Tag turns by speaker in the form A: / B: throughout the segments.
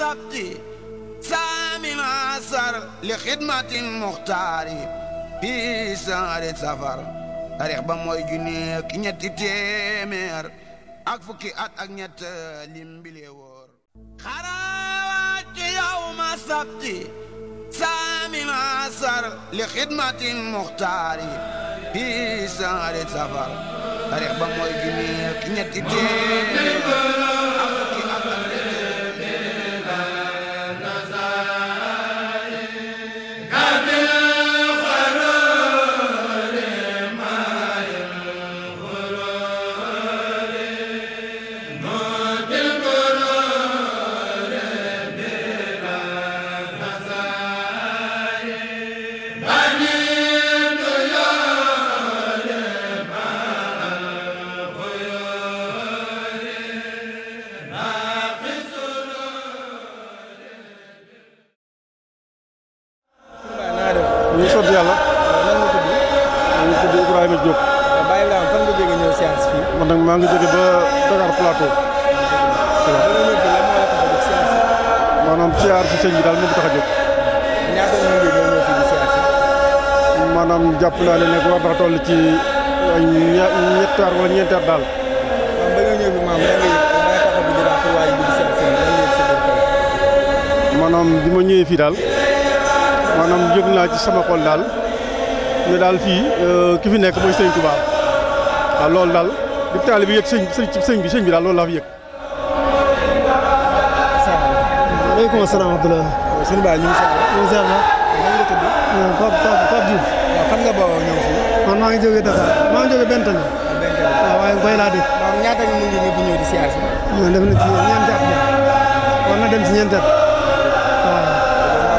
A: سبت سامي عصر لخدمة مختار في سهر سفر تاريخ بموي جنيك نيتي تيمير أكفكي أت أغنيت لمبلي وور خراوات يوم سبت سامي عصر لخدمة مختار في سهر سفر تاريخ بموي جنيك نيتي تيمير
B: maanaam siyaar si sëñ bi daal moo tax a jóg.
C: ñaata ñu ngi doon ñëw fii di siyaar si.
B: maanaam jàpp naa ne nag war na ci ay ña ñetti daal. waaw ba ñoo ñëw bi maam da ngay da ngay taxaw bi di raax waaye bi di siyaar si bi ma ñëwee fii daal maanaam yëg naa ci sama xol daal ne daal fii euh, ki fi nekk mooy sëñ Tuubaa waaw loolu daal bi taalibe bi yëg sëñ sëñ bi sëñ bi daal loolu laa fi yëg.
D: waaleykum salaam wa rahmatulah. sëñ Ba ñu ngi seetlu. ñu ngi seetlu. nan nga tudd. Pape Pape Pape Diouf. waaw fan nga bawoo ñëw fii. man maa ngi jógee Dakar maa ngi jógee Bentali. Ah, Bentali waaw waaye Ngoy laa dégg. waaw ñaata ñu ngi ñu fi ñëw di siyaar si. ñun euh, def na ci ñeenti at bi. war na dem ci ñeenti at. waaw.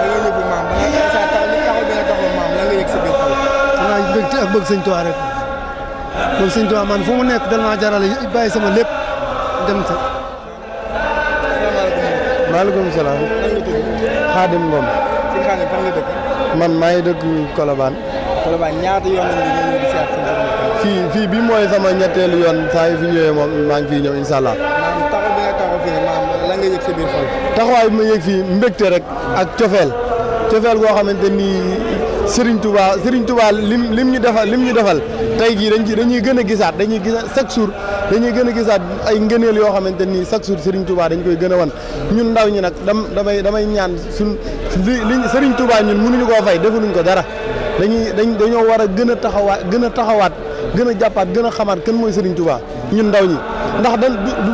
B: da nga ñëw maam ba nga saa taxaw li taxaw bi nga taxawoon maam lan nga yëg sa biir xol.
D: xanaa bëgg ak bëgg sëñ Tuubaa rek. bëgg sëñ Tuubaa man fu mu nekk dal maa jarale bàyyi sama lépp dem sa maaleykum salaam. xaadim Ngom.
C: si xaadim fan nga dëkk.
D: man maa ngi dëkk Colobane.
C: Colobane ñaata yoon nañu di siyaat
D: fii fii bi mooy sama ñetteelu yoon saa yu fi ñëwee moom maa ngi fiy ñëw incha allah. maanaam taxaw bi nga
B: taxaw fii maanaam lan nga yëg sa biir xol.
D: taxawaay bi ma yëg fii mbégte rek ak cofeel cofeel goo xamante ni Serigne Touba Serigne Touba lim lim ñu defal lim ñu defal tey jii dañ ci dañuy gën a gisaat dañuy gisaat chaque jour dañuy gëna gisat ay ngëneel yo xamanteni chaque jour Serigne Touba dañ koy gëna wan ñun ndaw ñi nak dam damay damay ñaan sun li Serigne Touba ñun mënuñu ko fay defuñu ko dara dañuy dañ dañoo war a gën a taxawaat gën a taxawaat gën a xamaat kan mooy Serigne Touba ñun ndaw ñi ndax dañ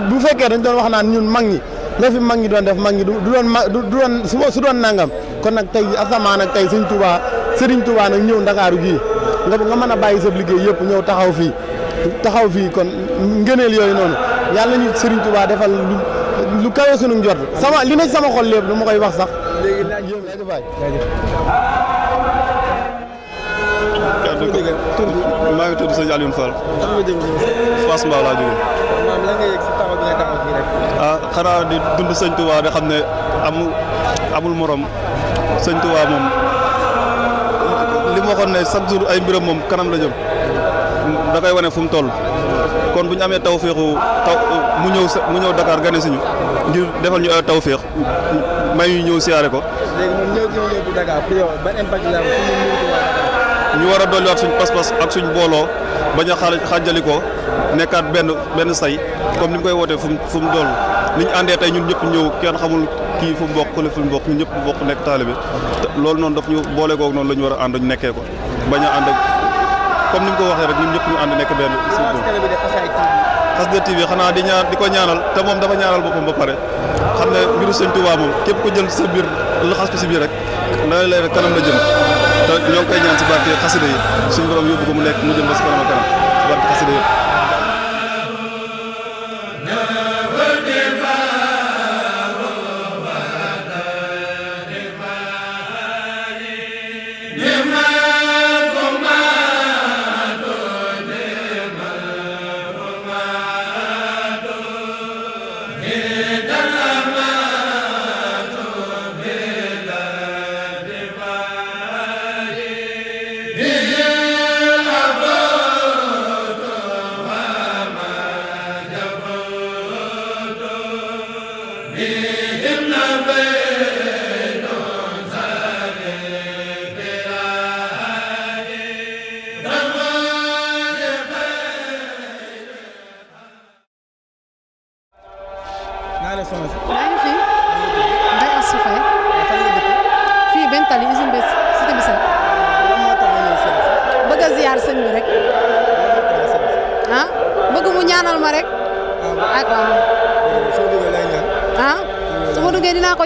D: bu fekke dañ doon wax naan ñun mag ñi la fi mag ñi doon def mag ñi du doon du doon su doon nangam kon nak tay asama nak tay Serigne Touba Serigne Touba nak ñew dakaru gi nga nga mëna bayyi sa liggéey yépp ñew taxaw fi taxaw fii kon ngëneel yooyu noonu yàlla ñu Serigne Touba defal lu lu kawe sunu njort sama li nekk sama xol lépp lu ma koy wax sax. léegi laaj yéen maa
B: ngi tudd sëñ Alioune Fall. Fass Mbao laa jógee. maam ah xanaa di dund sëñ Touba di xam ne amul amul morom sëñ Touba moom li ma waxoon ne chaque jour ay mbiram moom kanam la jëm. da koy wane fu mu toll kon bu ñu amee tawféexu taw mu ñëw sa mu ñëw Dakar gane si ñu ngir defal ñu ay tawféex may ñu ñëw siyaare ko.
C: léegi moom ñëw gi ñëw
B: bu Dakar pas-pas ak suñ booloo bañ a xaajali ko nekkaat benn benn say comme ni mu koy wootee fu mu fu mu doll ni ñu àndee tey ñu ñëpp ñëw kenn xamul kii fu mu bokk kële fu mu bokk ñun ñëpp bokk nekk taalibe loolu noonu daf ñu boole googu noonu la ñu war a ànd ñu nekkee ko bañ a ànd comme ni mu ko waxee rek ñun ñëpp ñu ànd nekk benn. surtout Xassida TV xanaa di ñaar di ko ñaanal te moom dafa ñaanal boppam ba pare xam ne mbiru sëñ Tuubaa moom képp ko jël sa biir laxas ko si biir rek la lay rek kanam la jëm te ñoo koy ñaan si barke xasida yi suñu borom yóbbu ko mu nekk mu jëm ba si kanam a kanam si barke xasida yëpp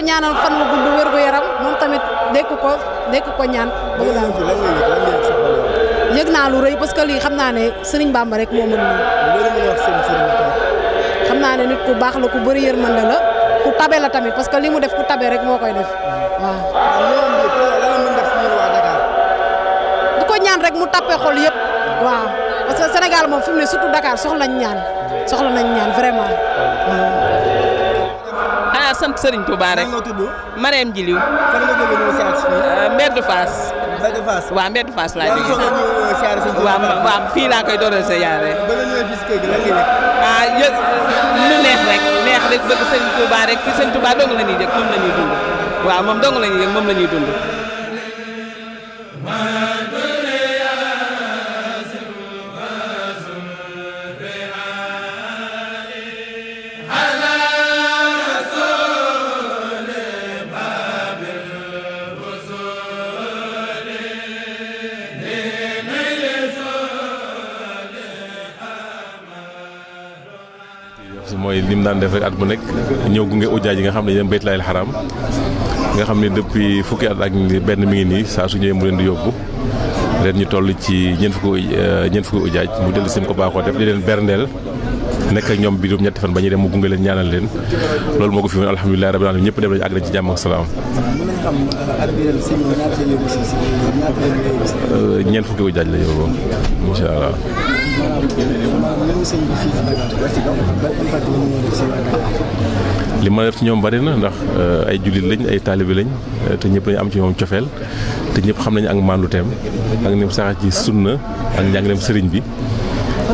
B: ñaanal fan wu gudd wér gu yaram moom tamit dékk ko dékk ko ñaan. bëgg naa yëg naa lu rëy parce que lii xam naa ne Serigne Bamba rek moo mën
D: lii. wax
B: xam naa ne nit ku baax la ku bëri yërmande la ku tabe la tamit parce que li mu def ku tabe rek moo koy def mm-hmm.
D: waaw.
B: du ko ñaan rek mu tappe xol yëpp. waaw parce que Sénégal moom fi mu ne surtout
D: Dakar soxla nañ ñaan mm-hmm. soxla nañ ñaan vraiment. Mm-hmm. xanaa sant Serigne Touba rek. nan nga tudd. Marème Djiliw. fan nga jógee ñëw siyaar si fii. Euh, Mbedd Fass. Mbedd Fass waaw Mbedd Fass laa jógee. Euh, waaw ñëw siyaar si waaw waaw fii laa koy doon sa yaare. ba nga ñëwee fii si kër gi lan nga yëg. ah yëg lu neex rek neex rek bëgg Serigne Touba rek fii Serigne Touba dong la ñuy yëg moom la ñuy dund. waaw moom dong la ñuy yëg moom la ñuy dund.
E: ni mu daan def rek at mu nekk ñëw gunge ujaa yi nga xam ne dem Baytul Laahil Haraam nga xam ne depuis fukki at ak benn mi ngi nii saa su ñëwee mu leen di yóbbu ren ñu toll ci ñeent fukki euh, ñeent fukki ujaaj mu dellu seen ko baaxoo def di leen berndeel nekk ak ñoom biirum ñetti fan ba ñuy dem mu gunge leen ñaanal leen loolu moo ko fi woon alhamdulilah rabbil ñëpp dem nañu ci jàmm ak salaam. Euh, ñeent fukki ujaaj la yóbbu incha allah. li ma def ci ñoom bari na ndax euh, ay jullit lañ ay taalibi lañ euh, te ñëpp dañu am ci moom cofeel te ñëpp xam nañu ak màndu teem ak ni mu ci sunna ak njàngaleem sëriñ bi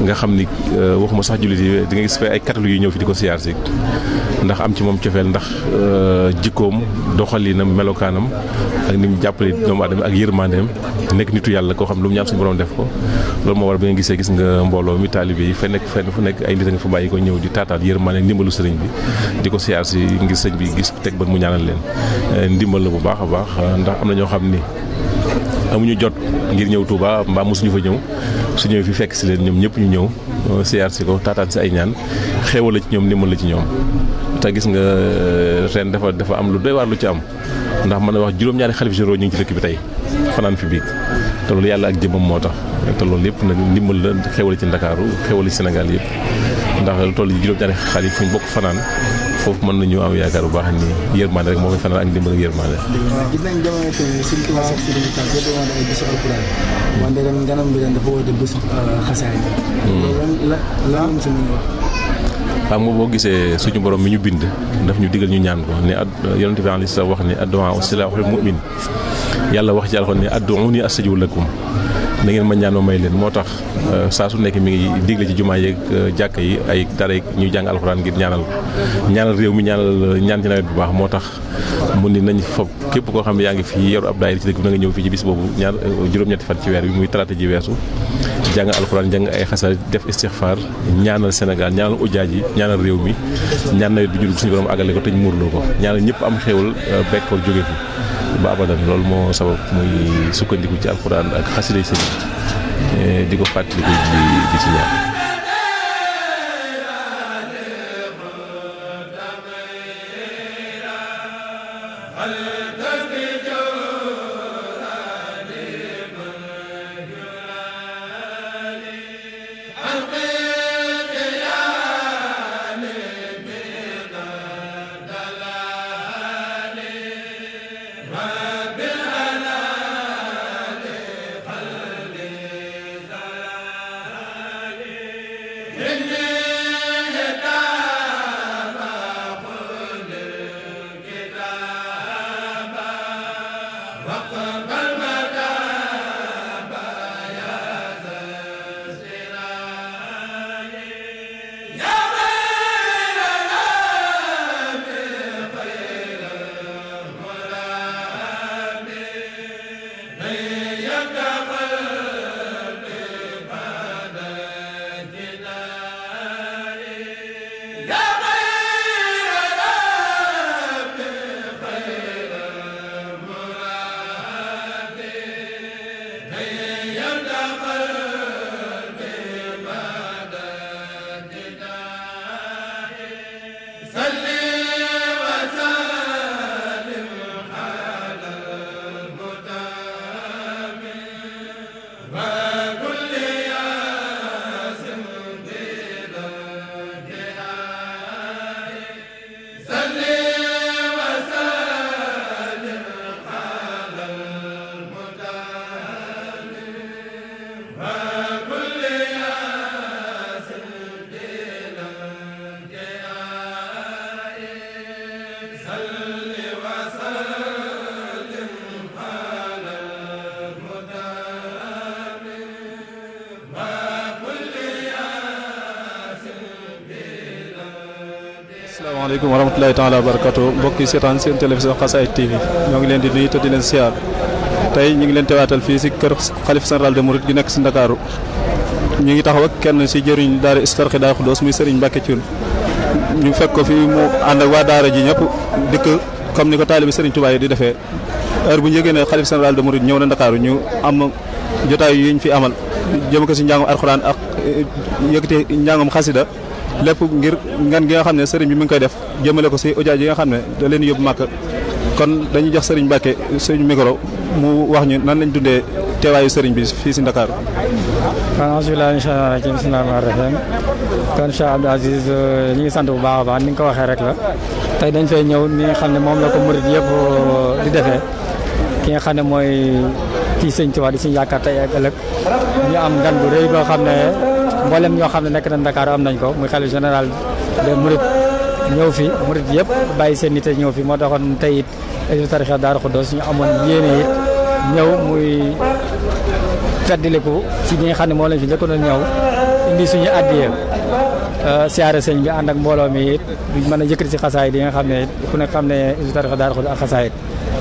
E: nga xam ni euh, waxuma sax julit yi di nga gis fay ay catholique yu ñëw fi di ko siyaar ndax am ci moom cofeel ndax euh, jikkoom na melokaanam ak ni mu jàppale doomu adama ak yërmandeem nekk nitu yàlla koo xam lu mu ñaan suñu borom def ko loolu moo war bi nga gisee gis nga mbooloo mi taalibe yi fa fenn fu nekk ay nit nga fa bàyyi ko ñëw di taataat yërmande ndimbalu sëriñ bi di ko siyaar si ngir sëñ bi gis teg ban mu ñaanal leen euh, ndimbal la bu baax a baax ndax am na ñoo xam ni amuñu jot ngir ñëw Touba mbaa mosuñu fa ñëw su ñëwee fi fekk si leen ñoom ñëpp ñu ñëw euh, siyaar si ko taataan si ay ñaan xéewal la ci ñoom ndimbal la ci ñoom te gis nga euh, ren dafa dafa am lu doy waar lu ci am ndax mën a wax juróom-ñaari xalif généraux ñu ngi ci dëkk bi tey fanaan fi biig te loolu yàlla ak jëmmam moo tax te loolu yëpp nag ndimbal la xéewal ci Ndakaaru xéewal ci Sénégal yëpp ndax lu toll juróom-ñaari xalif fu ñu bokk fanaan foofu mën nañu am yaakaar bu baax ni yërmande rek moo koy fanal ak ndimbal ak yërmande.
C: gis nañ jamono
B: tamit suñu tubaab ak suñu taal yëpp dañoo ay bésu alxuraan. bi ren dafa
D: xasaay. la ñu si a
E: xam nga boo gisee suñu borom mi ñu bind daf ñu digal ñu ñaan ko ne yonente bi alayhi wax ne addu'a usilahul mu'min yalla wax ci alxon ni addu'uni astajib lakum da ngeen ma ñaanoo may leen moo tax euh, saa su nekk mi ngi digle ci jumaa yeeg euh, jàkk yi ay dara ñu jàng alxuraan ngir ñaanal ñaanal réew mi ñaanal euh, ñaan ci nawet bu baax moo tax mu ni nañ fob képp koo xam ne yaa ngi fi yor ab daayir ci dëkk na nga ñëw fi ci bis boobu ñaar juróom-ñetti fan ci weer bi muy ji weesu jàng jàng ay xasal def istighfar ñaanal sénégal ñaanal ujaaji ñaanal réew mi ñaan nawet bi ñu dugg suñu borom àggale ko te ñu ko ñaanal ñëpp am xéewal euh, bekkoor jóge fi ba abadan loolu moo sabab muy sukkandiku ci alxuraan ak xasida yi eh, di ko fàttali ko di ci ñaan
B: assalamualaikum warahmatullahi taala wabarakatuh barakatu mbokk yi seetaan seen télévision TV ñoo ngi leen di nuyu te di leen siar tay ñu ngi leen tewatal fi ci kër khalif central de Mouride gi nek ci dakaru ñu ngi taxaw ak kenn ci jëriñ daara Histoire da Xudoos muy Serigne Mbacke Thioune ñu fekk ko fi mu and ak wa daara ji ñep dikk comme niko talib Serigne Touba yi di defé heure bu ñëgé né khalif central de Mouride ñew na dakaru ñu am jotaay yu ñu fi amal jëm ko ci njàngum alcorane ak eh, yëkkati njàngum khassida lépp ngir ngan gi nga xam ne sëriñ bi mu ngi koy def jëmale ko si ujaaj yi nga xam ne da leen yóbbu màkk kon dañuy jox sëriñ Mbacke suñu micro mu wax ñu nan lañ dundee teewaayu sëriñ bi fii si Ndakaaru
C: alhamdulilah incha allah bismillah rahmaan rahim kon Cheikh Abdou Aziz euh, ñu ngi sant bu baax a baax ni nga ko waxee rek tey dañ fay ñëw ni nga xam ne moom la ko murid yëpp euh, di defee ki nga xam ne mooy kii sëñ Tuubaa di suñu yaakaar ak ëllëg ñu am gan bu rëy boo xam ne mboolem ñoo xam ne nekk na Dakar am nañ ko muy xalifa général de Mouride ñëw fi Mouride yëpp bàyyi seen nit ñëw fi moo taxoon tey it Hizbut Tarqiyyah Daaru ñu amoon yéene it ñëw muy feddiliku ci ñi nga xam ne moo lañ fi njëkkoon a ñëw indi suñu addiya euh, siyaare sëñ bi ànd ak mbooloo mi it duñ mën a yëkkati si xasaay di nga xam ne ku ne xam ne Hizbut Tarqiyyah Daaru Xudoos ak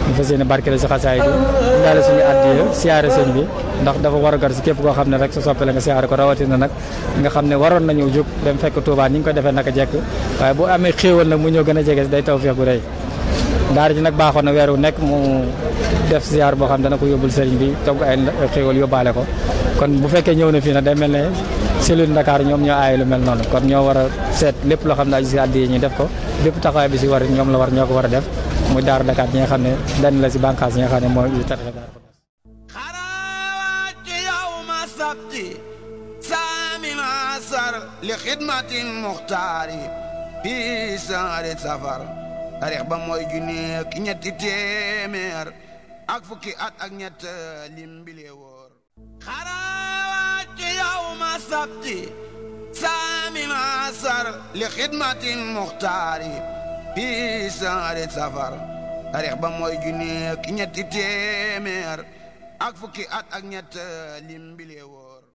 C: ñu fas yéene barkeel si xasaay bi indaale suñu addiya siyaare sëñ bi ndax dafa war a gar képp koo xam ne rek sa soppe la nga siyaare ko rawatina nag xam ne waroon nañu jóg dem fekk Touba ni ñu ko defee naka jekk waaye bu amee xéewal nag mu ñëw gën a jege day taw feex gu rëy daara ji baaxoon na weer wu nekk mu def ziar boo xam ne dana ko yóbbul sëriñ bi togg ay xéewal yóbbaale ko kon bu fekkee ñëw na fii nag day mel ne cellule Dakar ñoom ñoo aaye lu mel noonu kon ñoo war seet lépp loo xam ne aji si àddi yi ñu def ko lépp taxawaay bi si war ñoom la war ñoo ko war a def muy Daaru Dakar bi nga xam ne lenn la si bànqaas yi nga xam ne mooy yu tarixa Daaru Xudoos
A: xarawaac sabti saamin asar li xidmati muxtaari bi sanri safar tarix ba mooy junni ak ñetti téeméer ak fukki at ak ñett lim bi lee wóor xarawaac yow sabti saamin asar li xidmati muxtaari fii sanrit safar tarix ba mooy junni ak ñetti téeméer ak fukki at ak ñett lim bilee